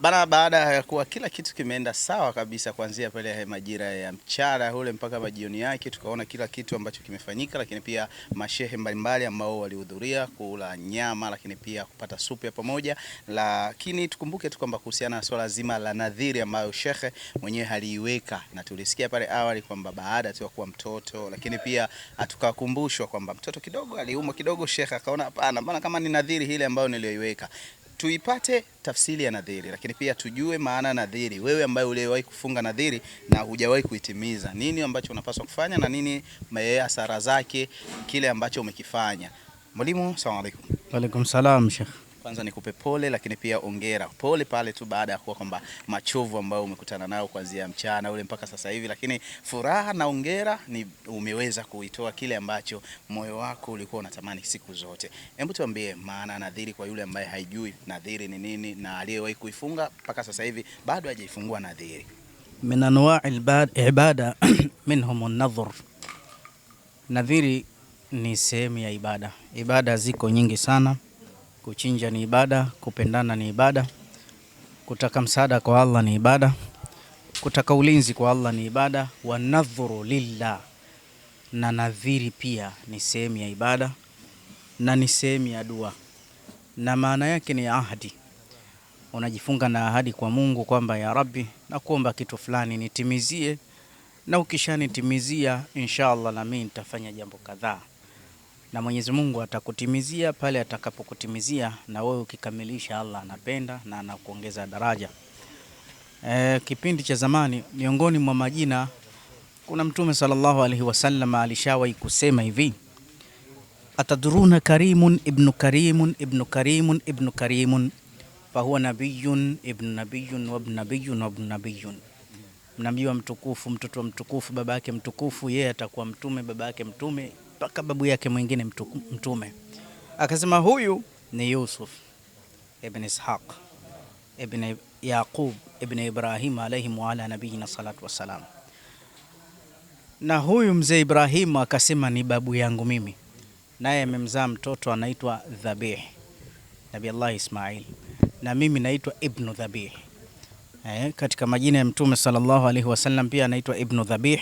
Bana, baada ya kuwa kila kitu kimeenda sawa kabisa kuanzia pale majira ya mchana ule mpaka majioni yake, tukaona kila kitu ambacho kimefanyika, lakini pia mashehe mbalimbali ambao walihudhuria kula nyama, lakini pia kupata supu ya pamoja. Lakini tukumbuke tu kwamba kuhusiana na swala zima la nadhiri ambayo shekhe mwenyewe aliiweka, na tulisikia pale awali kwamba baada tu kuwa mtoto, lakini pia tukakumbushwa kwamba mtoto kidogo aliumwa kidogo, shekhe akaona hapana, mbona kama ni nadhiri ile ambayo niliyoiweka tuipate tafsiri ya nadhiri, lakini pia tujue maana nadhiri. Wewe ambaye uliyewahi kufunga nadhiri na hujawahi kuitimiza, nini ambacho unapaswa kufanya na nini eh, hasara zake, kile ambacho umekifanya. Mwalimu, asalamu alaykum. Wa alaykum salam Sheikh kwanza nikupe pole, lakini pia ongera. Pole pale tu baada ya kuwa kwamba machovu ambayo umekutana nao kuanzia mchana ule mpaka sasa hivi, lakini furaha na ongera ni umeweza kuitoa kile ambacho moyo wako ulikuwa unatamani siku zote. Hebu tuambie maana nadhiri, kwa yule ambaye haijui nadhiri ni nini na aliyewahi kuifunga mpaka sasa hivi bado hajaifungua nadhiri. min anwa ibada minhum nadhur, nadhiri ni sehemu ya ibada. Ibada ziko nyingi sana kuchinja ni ibada, kupendana ni ibada, kutaka msaada kwa Allah ni ibada, kutaka ulinzi kwa Allah ni ibada, wanadhuru lillah, na nadhiri pia ni sehemu ya ibada na ni sehemu ya dua, na maana yake ni ahadi. Unajifunga na ahadi kwa Mungu kwamba ya Rabbi, kuomba kitu fulani nitimizie, na ukishanitimizia insha Allah nami nitafanya jambo kadhaa na Mwenyezi Mungu atakutimizia pale atakapokutimizia, na wewe ukikamilisha, Allah anapenda na anakuongeza daraja. E, kipindi cha zamani, miongoni mwa majina kuna Mtume sallallahu alaihi wasallam alishawahi kusema hivi, atadruna karimun ibnu karimun ibnu karimun ibnu karimun fahuwa nabiyun ibnu nabiyun wabnu nabiyun wabnu nabiyun mnabii wa mtukufu, mtoto wa mtukufu, baba yake mtukufu, yeye atakuwa mtume, baba yake mtume mpaka babu yake mwingine Mtume akasema huyu ni Yusuf ibn Ishaq ibn Yaqub ibn Ibrahim alayhi wa ala nabiyina salatu wassalam. Na huyu mzee Ibrahim akasema ni babu yangu mimi, naye amemzaa mtoto anaitwa Dhabih Nabii Allah Ismail, na mimi naitwa Ibnu Dhabih. Eh, katika majina ya Mtume sallallahu alaihi wasallam pia anaitwa Ibnu Dhabih.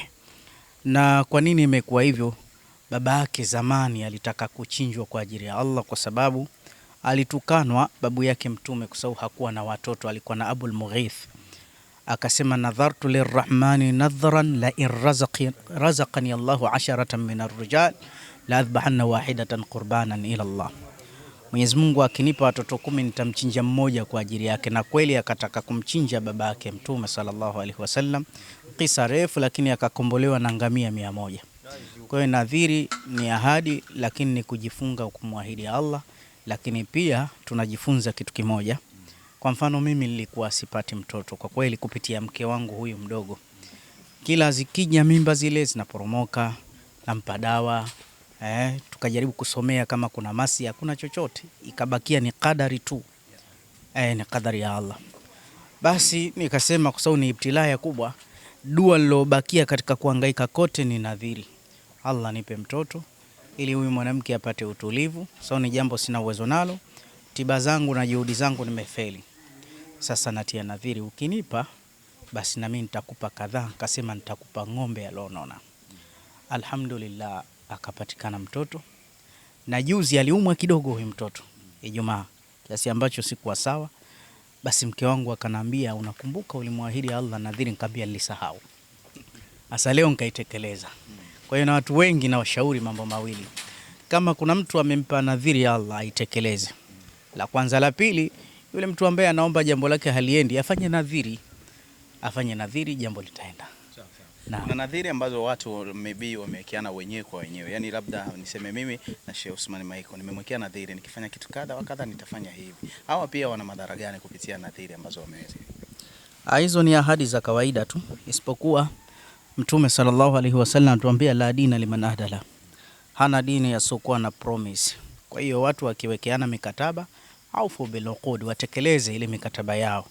Na kwa nini imekuwa hivyo? baba yake zamani alitaka kuchinjwa kwa ajili ya Allah kwa sababu alitukanwa babu yake Mtume kwa sababu hakuwa na watoto, alikuwa na Abul Mughith. Akasema, nadhartu lirrahmani nadhran la in razaqani Allahu asharatan min arrijal la adhbahanna wahidatan qurbanan ila Allah, Mwenyezi Mungu akinipa watoto kumi nitamchinja mmoja kwa ajili yake. Na kweli akataka kumchinja baba yake Mtume sallallahu alaihi wasallam, kisa refu, lakini akakombolewa na ngamia mia moja. Kwa hiyo nadhiri ni ahadi, lakini ni kujifunga kumwahidi Allah, lakini pia tunajifunza kitu kimoja. Kwa mfano mimi nilikuwa sipati mtoto kwa kweli, kupitia mke wangu huyu mdogo, kila zikija mimba zile zinaporomoka, nampa dawa eh, tukajaribu kusomea kama kuna masi, hakuna chochote, ikabakia ni kadari tu eh, ni kadari ya Allah. Basi nikasema kwa sababu ni ibtilaya kubwa, dua lilobakia katika kuangaika kote ni nadhiri. Allah nipe mtoto ili huyu mwanamke apate utulivu. Sasa ni jambo sina uwezo nalo, tiba zangu na juhudi zangu nimefeli. Sasa natia nadhiri, ukinipa basi nami nitakupa kadhaa. Kasema nitakupa ng'ombe alionona. Alhamdulillah, akapatikana mtoto, na juzi aliumwa kidogo huyu mtoto Ijumaa, kiasi ambacho sikuwa sawa. Basi mke wangu akanambia, unakumbuka ulimwahidi Allah nadhiri? Nikamwambia nilisahau. Sasa leo nkaitekeleza. Kwa hiyo na watu wengi na washauri mambo mawili, kama kuna mtu amempa nadhiri ya Allah aitekeleze, la kwanza. La pili, yule mtu ambaye anaomba jambo lake haliendi afanye nadhiri, afanye nadhiri, jambo litaenda. Na Kuna nadhiri ambazo watu maybe wamewekeana wenyewe kwa wenyewe, yaani labda niseme mimi na Sheikh Usman Maiko nimemwekea nadhiri, nikifanya kitu kadha wa kadha nitafanya hivi. Hawa pia wana madhara gani kupitia nadhiri ambazo wameweza? Ah, hizo ni ahadi za kawaida tu, isipokuwa Mtume sallallahu alaihi wasallam anatuambia la dina liman ahdala, hana dini yasiokuwa na promise. Kwa hiyo watu wakiwekeana mikataba aufu bilokudi, watekeleze ile mikataba yao,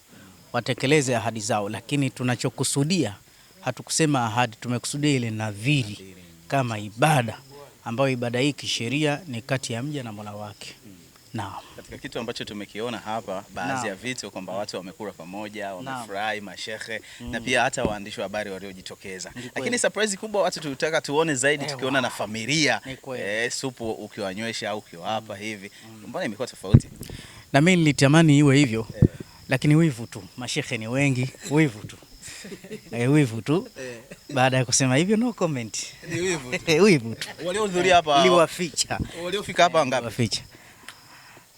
watekeleze ahadi zao. Lakini tunachokusudia hatukusema ahadi, tumekusudia ile nadhiri kama ibada, ambayo ibada hii kisheria ni kati ya mja na mola wake. Naam. Katika kitu ambacho tumekiona hapa baadhi ya vitu kwamba watu wamekula pamoja, wamefurahi mashehe mm. na pia hata waandishi wa habari waliojitokeza, lakini surprise kubwa watu tulitaka tuone zaidi Ewa. Eh, tukiona na familia e, supu ukiwanywesha au ukiwapa mm. hivi mm. mbona imekuwa tofauti? Na mimi nilitamani iwe hivyo e. lakini wivu tu, mashehe ni wengi, wivu tu E, wivu tu e. baada ya kusema hivyo no comment. Ni wivu tu. Wivu tu. Waliohudhuria hapa. Niliwaficha. Waliofika hapa ngapi? Waficha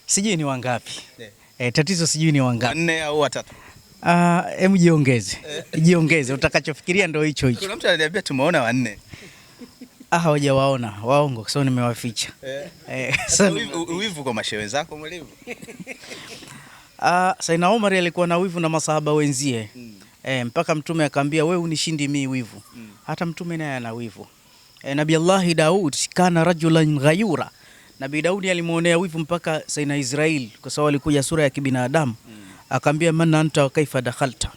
sijui ni wangapi e, tatizo sijui ni wangapi, nne au watatu. Ah, hebu jiongeze, jiongeze, utakachofikiria ndio hicho hicho. Kuna mtu ananiambia tumeona wanne Ah, hawajawaona waongo, kwa sababu nimewaficha. Eh. Eh, wivu kwa mashehe zako mwalimu. Ah, Saina Omar alikuwa na wivu na masahaba wenzie mm. E, mpaka mtume akamwambia wewe unishindi mimi wivu mm. Hata mtume naye ana wivu e, Nabii Allah Daud kana rajulan ghayura mm. Nabii Daudi alimwonea wivu mpaka Saina Israeli kwa sababu alikuja sura ya kibinadamu mm. Akaambia manna anta wa kaifa dakhalta,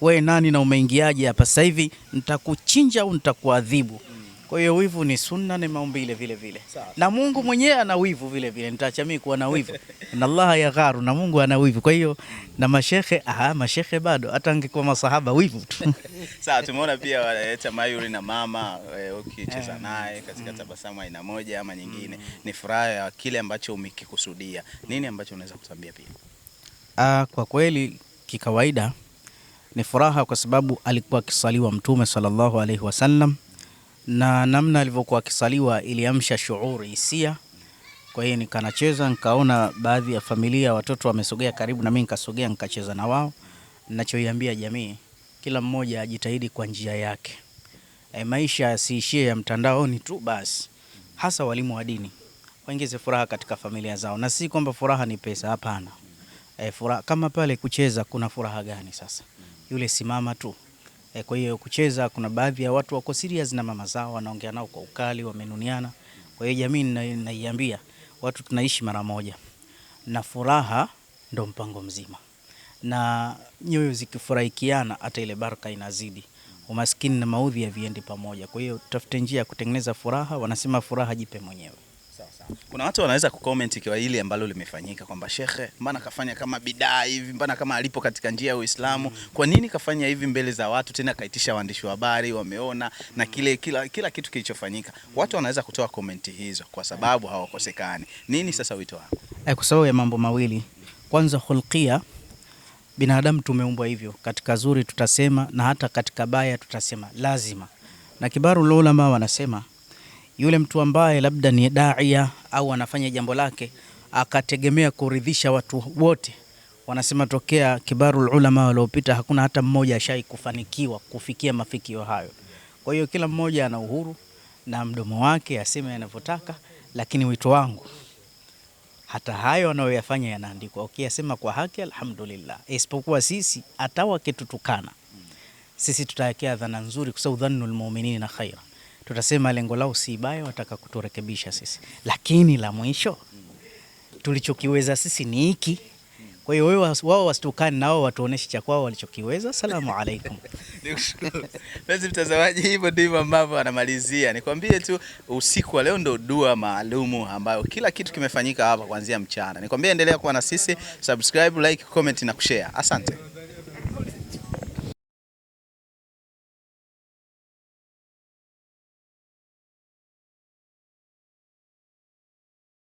wewe nani na umeingiaje hapa sasa hivi, nitakuchinja au nitakuadhibu mm. Kwa hiyo wivu ni sunna, ni maumbile vile vile, na Mungu mwenyewe ana wivu vile vile. Nitaacha mimi kuwa na wivu na Allah ya gharu, na Mungu ana wivu. Kwa hiyo na mashehe, ah, mashehe bado, hata angekuwa masahaba wivu tu sawa. Tumeona pia wanaleta eh, Mayuri na mama eh, ukicheza eh. naye katika mm. tabasamu aina moja ama nyingine, mm. ni furaha ya kile ambacho umekikusudia. Nini ambacho unaweza kutambia pia? Ah, kwa kweli kikawaida ni furaha, kwa sababu alikuwa akisaliwa Mtume sallallahu alaihi wasallam na namna alivyokuwa akisaliwa iliamsha shuuri, hisia. Kwa hiyo nikanacheza, nikaona baadhi ya familia watoto wamesogea karibu na mimi, nikasogea nikacheza na wao. Ninachoiambia jamii, kila mmoja ajitahidi kwa njia yake. E, maisha yasiishie ya mtandaoni tu basi, hasa walimu wa dini waingize furaha katika familia zao, na si kwamba furaha ni pesa, hapana. E, furaha kama pale kucheza kuna furaha gani? Sasa yule simama tu E, kwa hiyo kucheza, kuna baadhi ya watu wako serious na mama zao, wanaongea nao kwa ukali, wamenuniana. Kwa hiyo jamii naiambia watu tunaishi mara moja, na furaha ndo mpango mzima, na nyoyo zikifurahikiana hata ile baraka inazidi. Umaskini na maudhi haviendi pamoja. Kwa hiyo tutafute njia ya kutengeneza furaha. Wanasema furaha jipe mwenyewe. Kuna watu wanaweza kucomment ikiwa hili ambalo limefanyika kwamba shekhe, mbona kafanya kama bidaa hivi, mbona kama alipo katika njia ya Uislamu mm. Kwa nini kafanya hivi mbele za watu, tena kaitisha waandishi wa habari wameona mm. na kile kila, kila kitu kilichofanyika mm. Watu wanaweza kutoa komenti hizo kwa sababu hawakosekani nini. Sasa wito wako eh, kwa sababu ya mambo mawili, kwanza hulkia binadamu tumeumbwa hivyo, katika zuri tutasema na hata katika baya tutasema lazima, na kibaru laulama wanasema yule mtu ambaye labda ni daia au anafanya jambo lake akategemea kuridhisha watu wote. Wanasema tokea kibaru ulama waliopita hakuna hata mmoja ashai kufanikiwa kufikia mafikio hayo. Kwa hiyo kila mmoja ana uhuru na mdomo wake aseme anavyotaka, lakini wito wangu hata hayo anayoyafanya yanaandikwa. Ukiyasema kwa haki, alhamdulillah. Isipokuwa sisi hata wakitutukana sisi tutawekea dhana nzuri, kwa sababu dhanul mu'minina khaira tutasema lengo lao si baya, wataka kuturekebisha sisi, lakini la mwisho tulichokiweza sisi ni hiki. Kwa hiyo wao wasitukane nao watuoneshe cha kwao walichokiweza. Salamu alaikum. Basi mtazamaji, hivyo ndivyo ambavyo anamalizia. Nikwambie tu usiku wa leo ndo dua maalumu ambayo kila kitu kimefanyika hapa kuanzia mchana. Nikwambie endelea kuwa na sisi, subscribe, like, comment na kushare. Asante.